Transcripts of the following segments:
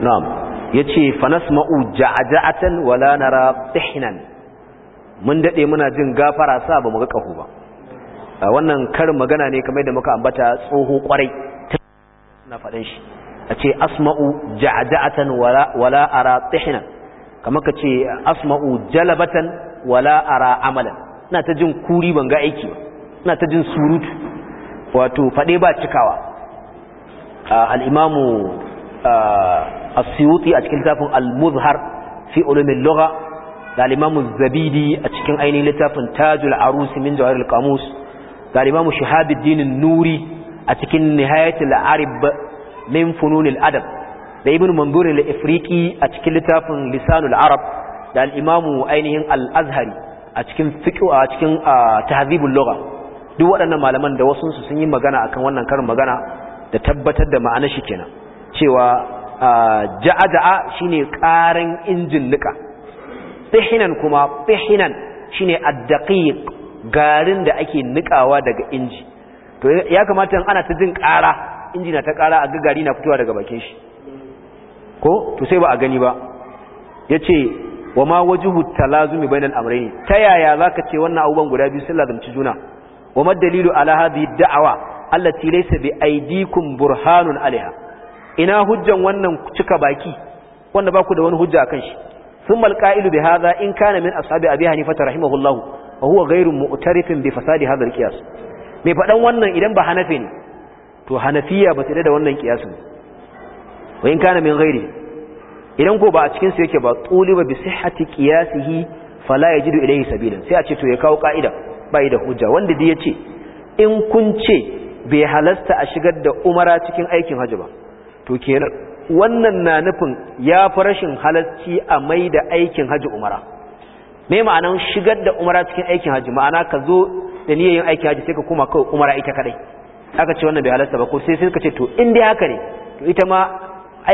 na'am yace fanasma'u ja'ja'atan wala nara tihnan mun dade muna jin gafara sa ba mu ga kahu ba wannan karin magana ne kamar da muka ambata tsoho kwarai na fadan shi a ce asma'u ja'ja'atan wala wala ara tihnan kamar ka ce asma'u jalabatan wala ara amalan ina ta jin kuri ban ga aiki ba ina ta jin surutu wato faɗe ba cikawa al-imamu asyuti a cikin littafin al-muzhar fi ulumin lugha da zabidi a cikin ainihin littafin tajul arusi min jawahir al-qamus da al nuri a cikin nihayatul arib min funun adab da ibn mandur al-ifriqi a cikin littafin lisanul arab da al ainihin al-azhari a cikin fiqh a cikin tahzibul lugha duk waɗannan malaman da wasu sun yi magana akan wannan karin magana da tabbatar da ma'anar shi kenan cewa ja'a-ja'a shine ƙarin injin nika fihinan kuma fihinan shine addaqiq garin da ake nikawa daga inji to ya kamata ana ta jin kara inji na ta kara a gari na fitowa daga bakin shi ko to sai ba a gani ba yace wa ma wajhu talazumi bainal amrayn ta yaya zaka ce wannan abubuwan guda biyu sun lazumci juna wa madalilu dalilu ala hadhihi da'awa allati laysa bi aydikum burhanun alaiha ina hujjan wannan cika baki wanda baku da wani hujja akan shi Sun ثم القائل بهذا إن كان من أصحاب أبي حنيفة رحمه الله وهو غير مؤترف بفساد هذا القياس Me faɗan wannan idan ba hanafi ne to hanafiya ba ta da wannan kiyasin wa in kana min ghairi idan ko ba a cikin su yake ba tuliba bi sihhati qiyasihi fala yajidu ilayhi sabilan sai a ce to ya kawo ka'ida bai da hujja wanda dai yace in kun ce bai halasta a shigar da umara cikin aikin hajji ba to kenan wannan na nufin ya fi rashin halarci a mai da aikin haji umara me ma'anan shigar da umara cikin aikin haji ma'ana ka zo da niyyar yin aikin haji sai ka koma kawai umara ita kadai aka ce wannan bai halasta ba ko sai sai ka ce to in dai haka ne to ita ma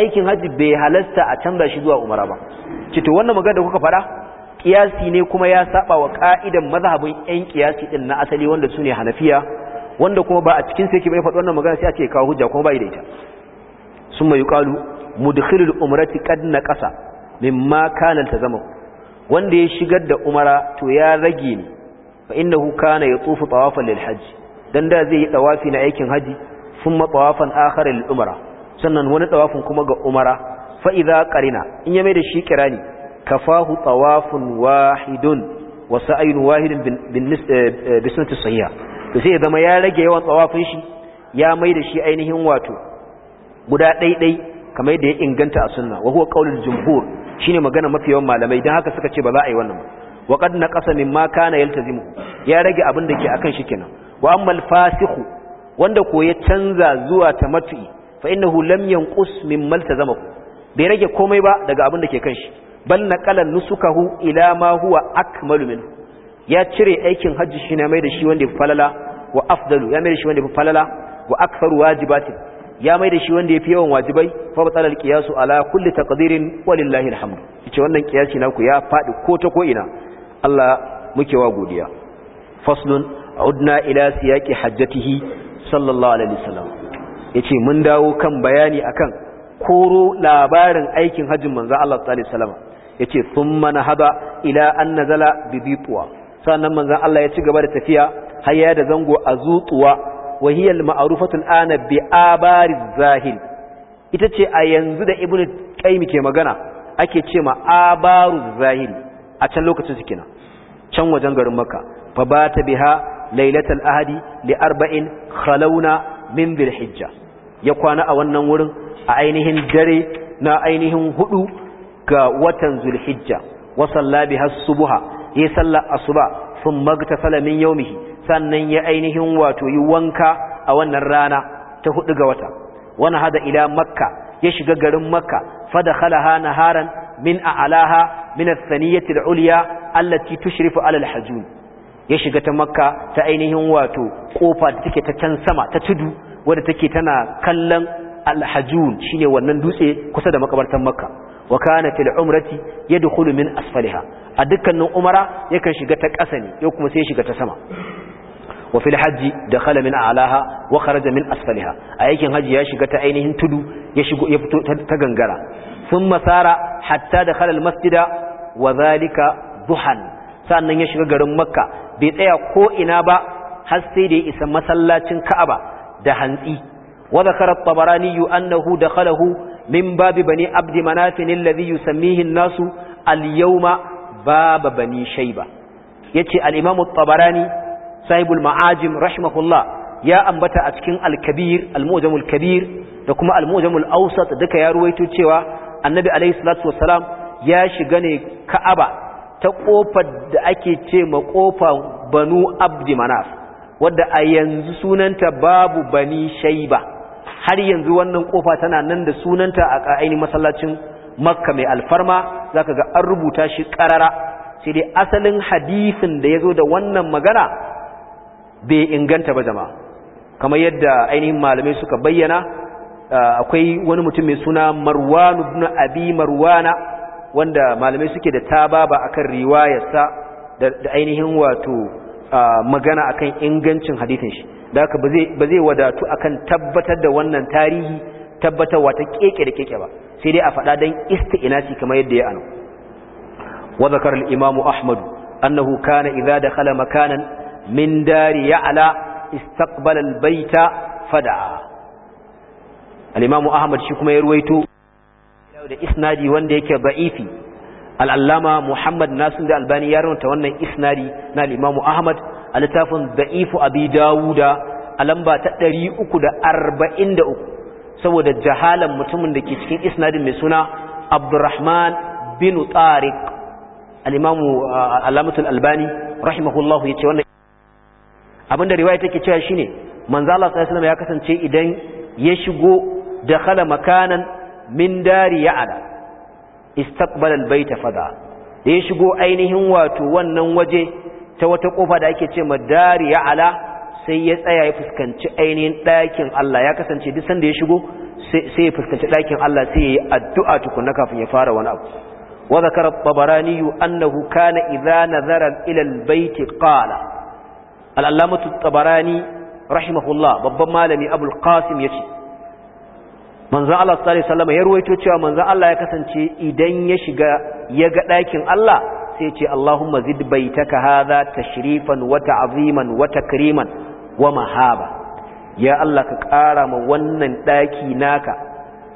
aikin haji bai halasta a canza shi zuwa umara ba ce to wannan magana da kuka faɗa kiyasi ne kuma ya saba wa ka'idan mazhabin yan kiyasi din na asali wanda sune hanafiya wanda kuma ba a cikin sai ki bai faɗi wannan magana sai a ce kawo hujja kuma ba ida ita sun mai yuƙalu mudkhilul umrati qad naqasa mimma kana tazamu wanda ya shigar da umara to ya rage ne fa innahu kana yatufu tawafan lil hajj dan da zai yi tawafi na aikin haji thumma tawafan akhar lil umra sannan wani tawafin kuma ga umara fa idza qarina in ya mai da shi kirani kafahu tawafun wahidun wa sa'yun wahidun bi sunnati sahiha to sai zama ya rage yawan tawafin shi ya mai da shi ainihin wato guda ɗaiɗai kamar yadda ya inganta a sunna wa huwa qaulul jumhur shine magana mafi yawan malamai dan haka suka ce ba za a yi wannan ba wa qad naqasa mimma kana yaltazimu ya rage abin da ke akan shi kenan wa ammal al fasikhu wanda ko ya canza zuwa tamattu'i fa innahu lam yanqus mimma iltazamahu bai rage komai ba daga abin da ke kan shi bal naqala nusukahu ila ma huwa akmalu min ya cire aikin hajji shi ne mai da shi wanda ya falala wa afdalu ya mai da shi wanda ya falala wa aktharu wajibatin ya mai da shi wanda ya fi yawan wajibai fa kiyasu qiyasu ala kulli taqdirin walillahi alhamd yace wannan qiyasi naku ya faɗi ko ta ko ina Allah muke wa godiya faslun udna ila siyaqi hajjatihi sallallahu alaihi wasallam yace mun dawo kan bayani akan koro labarin aikin hajjin manzo Allah sallallahu alaihi wasallam sun mana haɗa ila an nazala bi sannan manzo Allah ya ci gaba da tafiya har ya da zango a zutuwa Wahiyar hiya al-ma'rufatu al-ana bi abari ita ce a yanzu da ibnu qayyim ke magana ake ce ma abaru zahir a can lokacin su kenan can wajen garin makka fa bata biha la'ilatal ahadi li arba'in khalawna min dhil hijja ya kwana a wannan wurin a ainihin dare na ainihin huɗu ga watan zulhijja wa salla biha subha ya salla asuba thumma gtasala min yawmihi sannan ya ainihin wato yi wanka a wannan rana ta hudu ga wata wani hada ila makka ya shiga garin makka fada khalaha haran min alaha min a saniyati uliya ulya allati tushrifu ala ya shiga ta makka ta ainihin wato kofa da take ta can sama ta tudu wadda take tana kallon al shine wannan dutse kusa da makabartar makka wa kana fil umrati yadkhulu min asfaliha a dukkanin umara yakan shiga ta ƙasa ne ya kuma sai shiga ta sama wa fil da dakhala min a'laha wa kharaja min asfaliha a yakin haji ya shiga ta ainihin tudu ya shigo ya fito ta gangara thumma sara hatta da al masjida wa zalika duhan sannan ya shiga garin makka bai tsaya ko ina ba har sai da ya isa masallacin ka'aba da hantsi wa zakara at-tabarani annahu dakhalahu min babi bani abdi manaf alladhi yusammihi an-nasu al-yawma baba bani shayba yace al-imam at sahibul ma'ajim rahimahullah ya ambata a cikin al-kabir al-mu'jamul kabir da kuma al-mu'jamul awsat duka ya ruwaito cewa annabi alayhi salatu wassalam ya shiga ne ka'aba ta kofar da ake ce ma kofar banu abdi manaf wadda a yanzu sunanta babu bani shaiba har yanzu wannan kofa tana nan da sunanta a ainihin masallacin makka mai alfarma zaka ga an rubuta shi karara sai dai asalin hadisin da ya zo da wannan magana bai inganta ba jama'a kamar yadda ainihin malamai suka bayyana uh, akwai wani mutum mai suna Marwanu ibn abi marwana wanda malamai suke da tababa akan riwayarsa da ainihin wato uh, magana akan ingancin hadisin shi da haka ba zai wadatu akan tabbatar da wannan tarihi tabbatar wata keke da keke ba sai dai a faɗa don isti'inasi kamar yadda ya anu wa zakar al-imamu ahmadu annahu kana idza dakhala makanan min dari ya'la istaqbala albayta fada'a al-imam ahmad shi kuma ya ruwaito da isnadi wanda yake ba'ifi al-allama muhammad nasir da albani ya rawanta wannan isnadi na al-imam ahmad a littafin da'ifu abi dawuda a lamba ta 343 saboda jahalan mutumin da ke cikin isnadin mai suna abdurrahman bin tariq al-imam uh, alamatul albani rahimahullahu yace wannan abinda riwaya take cewa shine manzo Allah sallallahu alaihi wasallam ya kasance idan ya shigo dakhala makanan min dari ya'ala istaqbala albayta fada da ya shigo ainihin wato wannan waje ta wata kofa da ake ce ma dari ala, sai ya tsaya ya fuskanci ainihin ɗakin Allah ya kasance duk sanda ya shigo sai ya fuskanci ɗakin Allah sai ya yi addu'a tukunna kafin ya fara wani abu wa zakara babaraniyu annahu kana idza nazara ila albayti qala al'allamatu tabarani rahimahullah babban malami abul qasim ya ce manzan Allah sallallahu Alaihi ya ruwaito cewa manzan Allah ya kasance idan ya shiga ya ga ɗakin Allah sai ce Allahumma zid baitaka hadha tashrifan wa ta'ziman wa wa mahaba ya Allah ka ƙara ma wannan ɗaki naka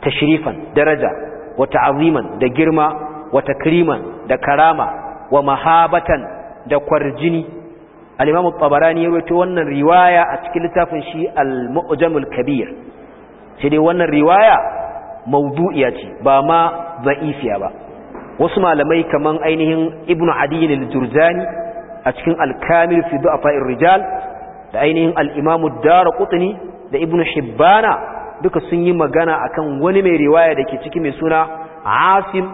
tashirifan daraja wata aziman da girma wata takriman da karama wa mahabatan da kwarjini Alimamu imam at ya rawaito wannan riwaya a cikin littafin shi al-mu'jamul kabir sai wannan riwaya mawdu'iya ce ba ma da'ifiya ba wasu malamai kamar ainihin ibnu adi al a cikin al-kamil fi du'afa'ir rijal da ainihin al-imam ad da ibnu hibbana duka sun yi magana akan wani mai riwaya da ke ciki mai suna asim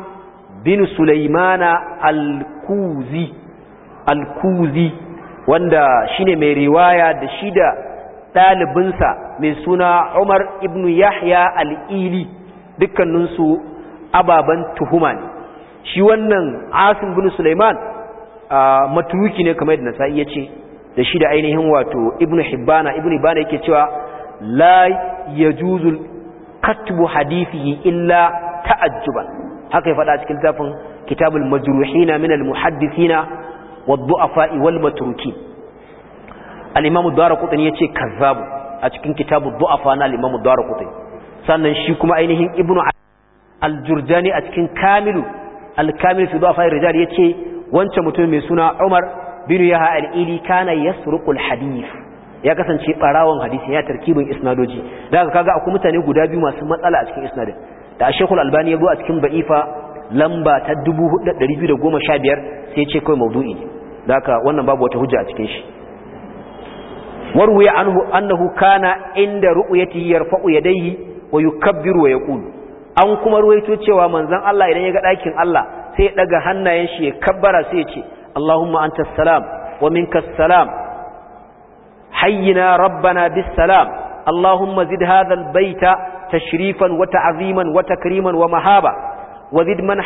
bin sulaimana al wanda shine mai riwaya da shida ɗalibinsa mai suna umar ibn yahya al'ili dukkaninsu ababen tuhuma ne shi wannan Asin bin suleiman matuki ne kamar yadda nasa'i ya ce da shida ainihin wato ibn hibbana ibn hibbana yake cewa la yajuzu katbu hadithihi illa ta'ajjuban haka ya faɗa cikin zafin kitabul majruhina min al muhaddithina والضعفاء والمتروكين الإمام الدارقطني يتي كذاب أتكين كتاب الضعفاء الإمام الدارقطني sannan shi kuma ainihin ibnu al-jurjani a cikin kamilu al-kamil fi du'afa rijal yace wancan mutum mai suna Umar bin Yaha al-Ili kana yasruqul hadith ya kasance barawon hadisi ya tarkibin isnadoji daga kaga akwai mutane guda biyu masu matsala a cikin isnadin da Sheikhul Albani ya zo a cikin ba'ifa lamba ta 4215 sai ce kawai maudu'i da wannan babu wata hujja a cikin shi warwaya anhu annahu kana inda ru'yatihi yarfa'u yadayhi wa yukabbiru wa yaqulu an kuma ruwaito cewa manzon Allah idan ya ga dakin Allah sai ya daga hannayen shi ya kabbara sai ya ce Allahumma antas salam wa minka salam hayyina rabbana bis salam Allahumma zid hadha al baita tashrifan wa ta'ziman wa takriman wa mahaba wa zid man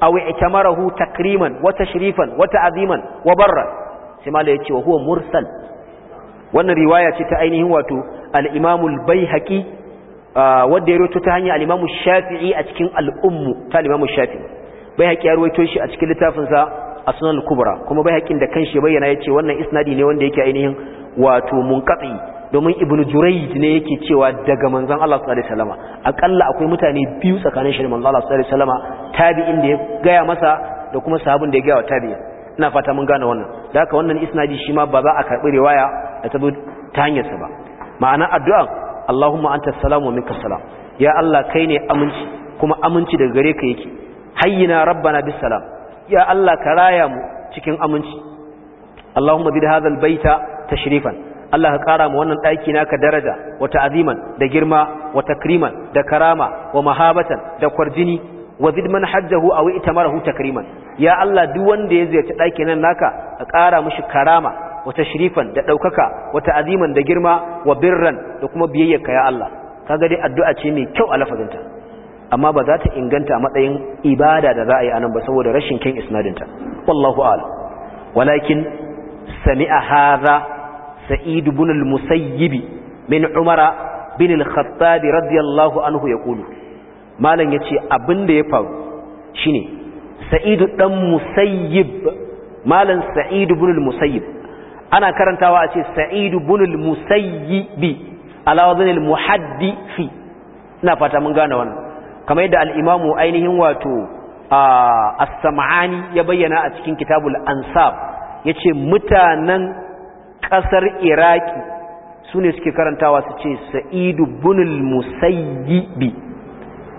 aw i'tamarahu takriman wa tashrifan wata ta'ziman wa barra sai malai yace wa mursal wannan riwaya ce ta ainihin wato al'imamul bai haƙi. Wadda ya rawaito ta hanyar al-Imam Shafi'i a cikin al'ummu umm ta al-Imam Shafi'i Baihaqi ya rawaito shi a cikin littafin sa sunan kubra kuma haƙin da kanshi bayyana yace wannan isnadi ne wanda yake ainihin wato munqati domin Ibn jurayj ne yake cewa daga manzon Allah sallallahu alaihi wasallam akalla akwai mutane biyu tsakanin shi da manzon Allah sallallahu alaihi wasallam tabi'in da ya gaya masa da kuma sahabin da ya gaya wa tabi'in ina fata mun gane wannan da haka wannan isnadi shi ma ba za a karbi riwaya da ta ta hanyar sa ba ma'ana addu'a Allahumma anta salamu wa minka salam ya Allah kai ne aminci kuma aminci daga gare ka yake hayyina rabbana bis salam ya Allah ka raya mu cikin aminci Allahumma bi hadha al baita tashrifan Allah ka kara ma wannan ɗaki naka daraja wa ta'aziman da girma wa takriman da karama wa mahabatan da kwarjini wa zid man hajjahu aw itamarahu takriman ya Allah duk wanda ya ziyarci ɗaki nan naka ka kara mishi karama wa tashrifan da ɗaukaka wa ta'aziman da girma wa birran da kuma biyayyarka ya Allah kaga dai addu'a ce mai kyau a lafazinta amma ba za ta inganta a matsayin ibada da za a yi anan ba saboda rashin kyan isnadinta wallahu a'lam walakin sami'a hadha سعيد بن المسيب من عمر بن الخطاب رضي الله عنه يقول ما لن يتي أبن يفعل شيني سعيد بن مسيب ما لن سعيد بن المسيب أنا كرنتوا أتي سعيد بن المسيب على وضن المحدي في نفت من قانوان كما يدى الإمام أينهم واتو السمعاني يبين أتكين كتاب الأنصاب ya ce mutanen ƙasar iraki su ne suke karantawa su ce sa'idu bunul musayyibi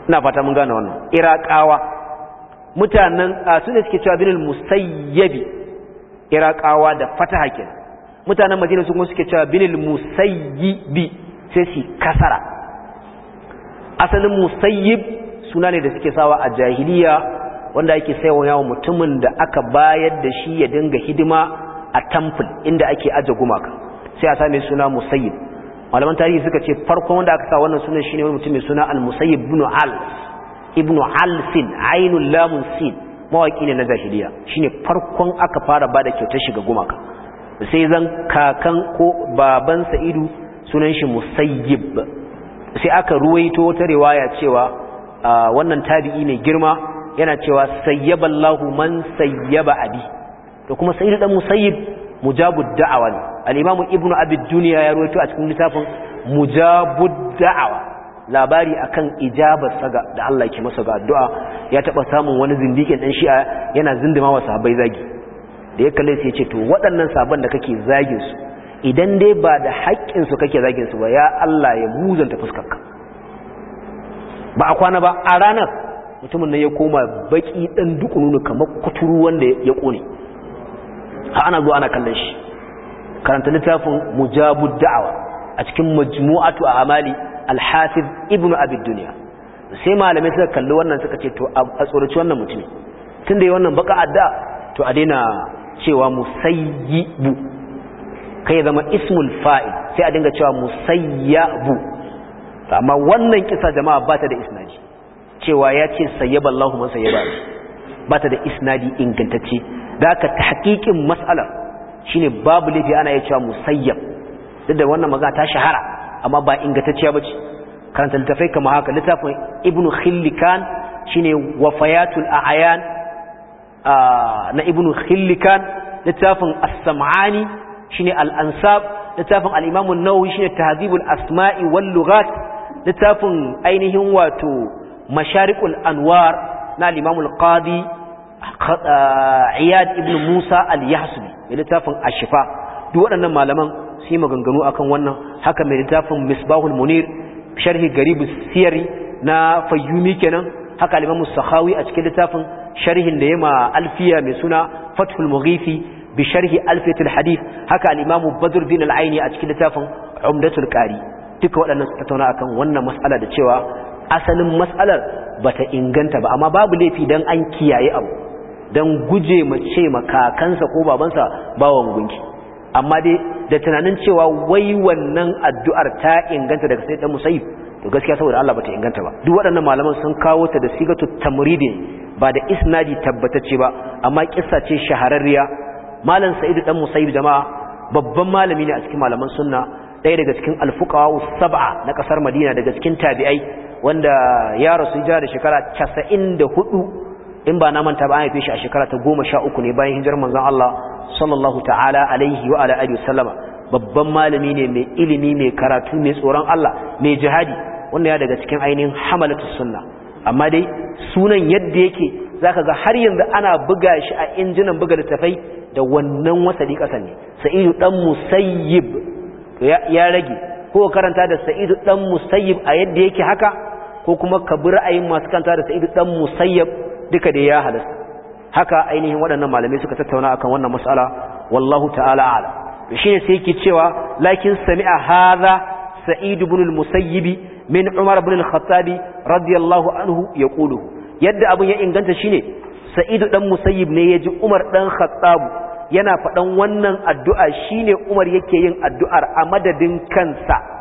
ina fata mun gane wannan irakawa mutanen a su ne suke cewa binul musayyabi irakawa da fata kenan mutanen madina sun suke cewa binul musayyibi sai su kasara asalin musayyib suna ne da suke sawa a jahiliya wanda ake sayawa yawon mutumin da aka bayar da shi ya dinga hidima a temple inda ake aje gumaka sai a same suna musayyib malaman tarihi suka ce farkon wanda aka sa wannan sunan shine wani mutum mai suna al-musayyib ibn al ibn al-sin ainul lamun sin mawaki ne na jahiliya shine farkon aka fara bada kyautar shiga gumaka sai zan kakan ko baban sa'idu sunan shi musayyib sai aka ruwaito wata riwaya cewa wannan tabi'i ne girma yana cewa sayyaballahu man sayyaba abi da kuma sa'idu dan musayyib mujabud da'awa ne al Ibn ibnu abi dunya ya rawaito a cikin littafin mujabud da'awa labari akan ijabar saga da Allah yake masa ga addu'a ya taba samun wani zindikin dan shi'a yana zindima wa sahabbai zagi da ya kalle sai ya ce to waɗannan sabon da kake zagin su idan dai ba da haƙƙin su kake zagin su ba ya Allah ya muzanta fuskarka ba a kwana ba a ranar mutumin nan ya koma baki dan dukununu kamar kuturu wanda ya ƙone. ha ana zuwa ana kallon shi karanta littafin mujabu da'awa a cikin majmu'atu a amali alhafiz ibnu abid duniya sai malamai suka kalli wannan suka ce to a tsoraci wannan mutumin tun da yi wannan baka adda to a daina cewa musayyibu kai ya zama ismul fa'il sai a dinga cewa musayyabu amma wannan kisa jama'a ba ta da isnadi cewa ya ce sayyaballahu man sayyaba ba ta da isnadi ingantacce da ta tahqiqin mas'alar shine babu lafi ana iya cewa musayyab duk da wannan magana ta shahara amma ba ingantacciya bace karanta littafai kama haka littafin ibnu khillikan shine wafayatul a'yan na ibnu khillikan littafin as-sam'ani shine al-ansab littafin al-imam shi ne shine asma'i wal lughat littafin ainihin wato masharikul anwar na al-imamul qadi iyad ibn musa al-yahsubi da littafin ashifa duk waɗannan malaman sai maganganu akan wannan haka mai littafin misbahul munir sharhi Garibu siyari na fayyumi kenan haka alimamu imamu a cikin littafin sharhin da yema alfiya mai suna fathul mughifi bi sharhi alfiyatul hadith haka alimamu imamu badruddin al-aini a cikin littafin umdatul qari duka waɗannan su tattauna akan wannan mas'ala da cewa asalin matsalar bata inganta ba amma babu laifi dan an kiyaye abu dan guje ma ce ma kakansa ko babansa bawan gunki amma dai da tunanin cewa wai wannan addu'ar ta inganta daga sai dan musayib to gaskiya saboda Allah bata inganta ba duk waɗannan malaman sun kawo ta da sigatu tamridin ba da isnadi tabbatacce ba amma kissa ce shahararriya malam sa'id dan musayib jama'a babban malami ne a cikin malaman sunna ɗaya daga cikin alfukawa sab'a na ƙasar Madina daga cikin tabi'ai wanda ya rasu hijira da shekara hudu in ba na manta ba an haife shi a shekara ta uku ne bayan hijirar manzon Allah sallallahu ta'ala alaihi wa ala alihi sallama babban malami ne mai ilimi mai karatu mai tsoron Allah mai jihadi wanda ya daga cikin ainihin hamalatus sunna amma dai sunan yadda yake zaka ga har yanzu ana buga shi a injinan buga littafai da wannan wasali kasan ne sa'idu dan musayyib ya rage ko karanta da sa'idu dan musayyib a yadda yake haka ko kuma ka bi ra'ayin masu kanta da sa'idu dan musayyab duka da ya halasta haka ainihin waɗannan malamai suka tattauna akan wannan mas'ala wallahu ta'ala ala shine sai yake cewa lakin sami'a hadha sa'id ibn al-musayyib min umar ibn al-khattab radiyallahu anhu yaqulu yadda abun ya inganta shine sa'id dan musayyib ne yaji umar dan khattab yana faɗan wannan addu'a shine umar yake yin addu'ar a madadin kansa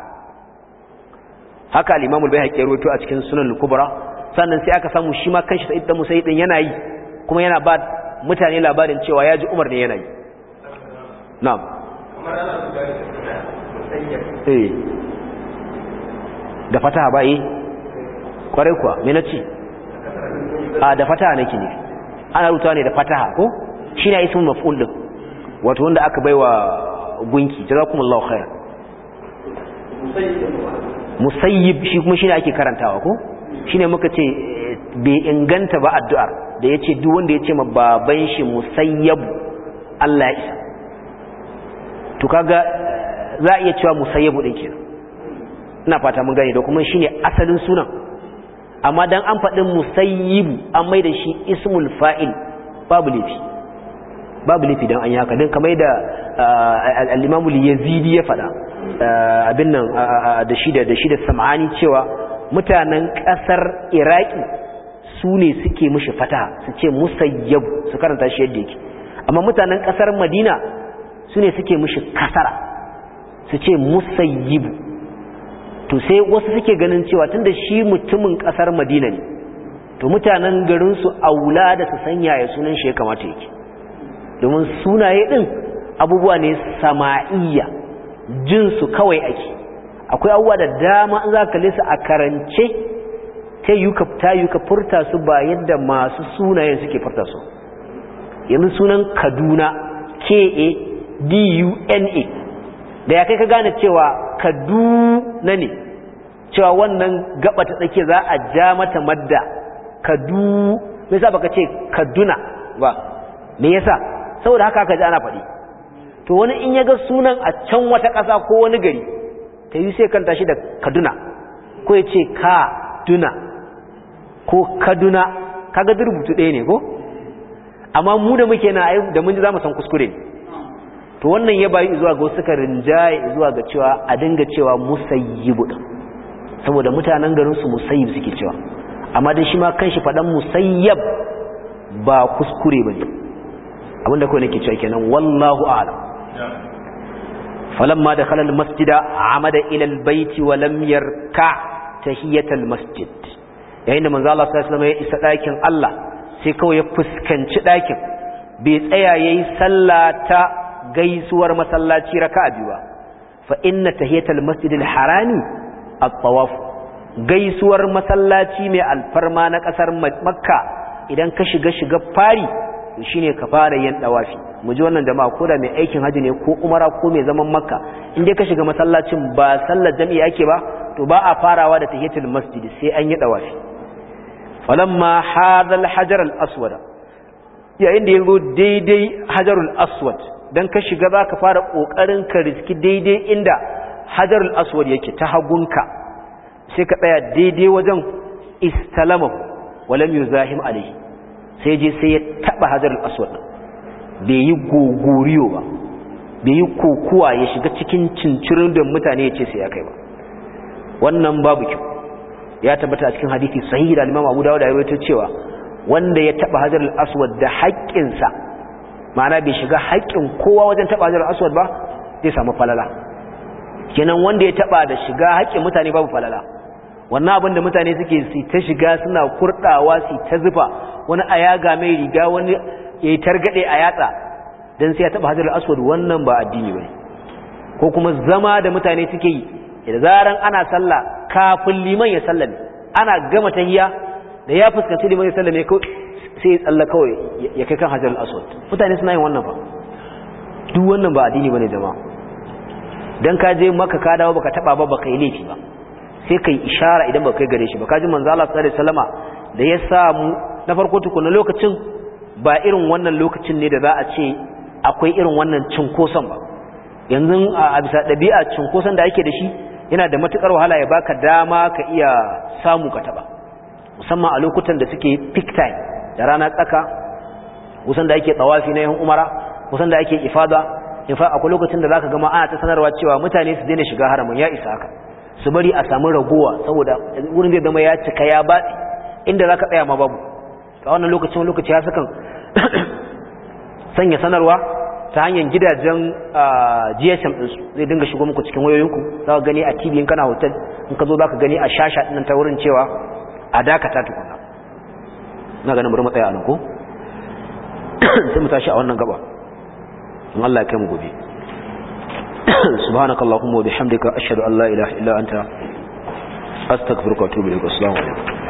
haka al-Imam al-Baihaqi ya rawaito a cikin Sunan al-Kubra sannan sai aka samu shi ma kanshi Sa'id da Musayyib din yana yi kuma yana ba mutane labarin cewa ya ji Umar ne yana yi na'am ana eh da fataha ba yi eh? kwarai kuwa me nace a da fataha nake ne ana rutawa ne da fataha ko ne ismul maf'ul din wato wanda aka baiwa gunki jazakumullahu khairan musayyib shi kuma ne ake karantawa ko shi ne muka ce bai inganta ba addu'ar da ya ce duk wanda yace ma baban shi musayyab Allah ya isa to kaga za a iya cewa musayyabu ɗin ke. ina fata mun gani da kuma ne asalin sunan amma don an faɗin musayyibu an mai da shi ismul fa'il babu lifi babu lifi don an yi haka dan da al yazidi ya faɗa abin nan da shida da shida sam'ani cewa mutanen ƙasar iraki su ne suke mushi fata su ce musayyab su karanta shi yadda yake amma mutanen ƙasar madina su ne suke mushi kasara su ce musayyibu to sai wasu suke ganin cewa tunda shi mutumin ƙasar madina ne to mutanen garinsu aula da su sanya ya sunan shi ya kamata yake domin sunaye din. abubuwa ne sama'iyya jinsu kawai ake akwai abubuwa da dama in za ka lisa a karance ta yi ka furta su ba yadda masu sunayen suke furta su yanzu sunan kaduna k a d u n a da ya kai ka gane cewa kaduna ne cewa wannan gaba ta tsake za a ja mata madda kadu me yasa baka ce kaduna ba me yasa saboda haka aka ji ana faɗi to wani in ya ga sunan a can wata ƙasa ko wani gari ta yi sai kanta shi da kaduna ko ya ce kaduna ko kaduna kaga rubutu ɗaya ne ko amma mu da muke na da mun ji za mu san kuskure ne to wannan ya bayi zuwa ga wasu karin jaye zuwa ga cewa a dinga cewa musayyi din saboda mutanen garin su musayyi suke cewa amma dai shi ma kanshi faɗan musayyab ba kuskure bane abinda kawai nake cewa kenan wallahu a'lam falamma da khalal masjida amada ila albayti wa lam yarka tahiyatal masjid yayin da manzo Allah sallallahu alaihi wasallam ya isa dakin Allah sai kawai ya fuskanci dakin bai tsaya yayi sallata gaisuwar masallaci raka'a biyu ba fa inna tahiyatal masjidin harami at-tawaf gaisuwar masallaci mai alfarma na kasar makka idan ka shiga shiga fari shine ka fara yin dawafi mu ji wannan jama'a ko da mai aikin haji ne ko umara ko mai zaman makka in dai ka shiga masallacin ba sallar jami'i ake ba to ba a farawa da tahiyatul masjid sai an yi dawafi falamma hadal hajar al aswad yayin da yazo daidai hajarul aswad dan ka shiga ka fara kokarin ka riski daidai inda hajarul aswad yake ta hagunka sai ka tsaya daidai wajen istalama walam yuzahim alayhi sai je sai ya taba hajarul aswad bai yi gogoriyo ba bai yi kokuwa ya shiga cikin cincirin da mutane ya ce sai ya kai ba wannan babu kyau ya tabbata a cikin hadithi sahihi da Imam Abu Dawud ya rawaito cewa wanda ya taba Hajar al-Aswad da haƙƙinsa ma'ana bai shiga haƙƙin kowa wajen taba Hajar al-Aswad ba zai samu falala kenan wanda ya taba da shiga haƙƙin mutane babu falala wannan abin da mutane suke su ta shiga suna kurɗawa su ta zufa wani ayaga mai riga wani yayi targade a yatsa dan sai ya taba hajjar aswad wannan ba addini bane ko kuma zama da mutane suke yi da zaran ana sallah kafin liman ya sallame ana gama tahiyya da ya fuskanci liman ya sallame ko sai ya tsalla kawai ya kai kan hajjar aswad mutane suna yin wannan ba duk wannan ba addini bane jama'a dan ka je maka ka dawo baka taba ba baka yi laifi ba sai kai ishara idan baka kai gare shi ba ji manzo Allah sallallahu alaihi wasallama da ya samu na farko tukuna lokacin ba irin wannan lokacin ne da za a ce akwai irin wannan cinkoson ba yanzu a bisa ɗabi'a cinkoson da ake da shi yana da matuƙar wahala ya baka dama ka iya samu ka taɓa musamman a lokutan da suke peak time da rana tsaka kusan da ake tsawafi na yan umara kusan da ake ifada in fa akwai lokacin da zaka gama ana ta sanarwa cewa mutane su daina shiga haramun ya isa haka su bari a samu ragowa saboda wurin zai zama ya cika ya batsi inda zaka tsaya ma babu a wannan lokacin lokaci ya sukan sanya sanarwa ta hanyar gidajen gsm ɗinsu zai dinga shigo muku cikin wayoyinku za ka gani a tv in kana hotel in ka zo za ka gani a shasha ɗinan ta wurin cewa a dakata tukuna na ganin bari matsaya a nan ko sai mu tashi a wannan gaba in allah kai mu gobe subhanakallahumma wa bihamdika ashhadu an la ilaha illa anta astaghfiruka wa atubu ilaik assalamu alaikum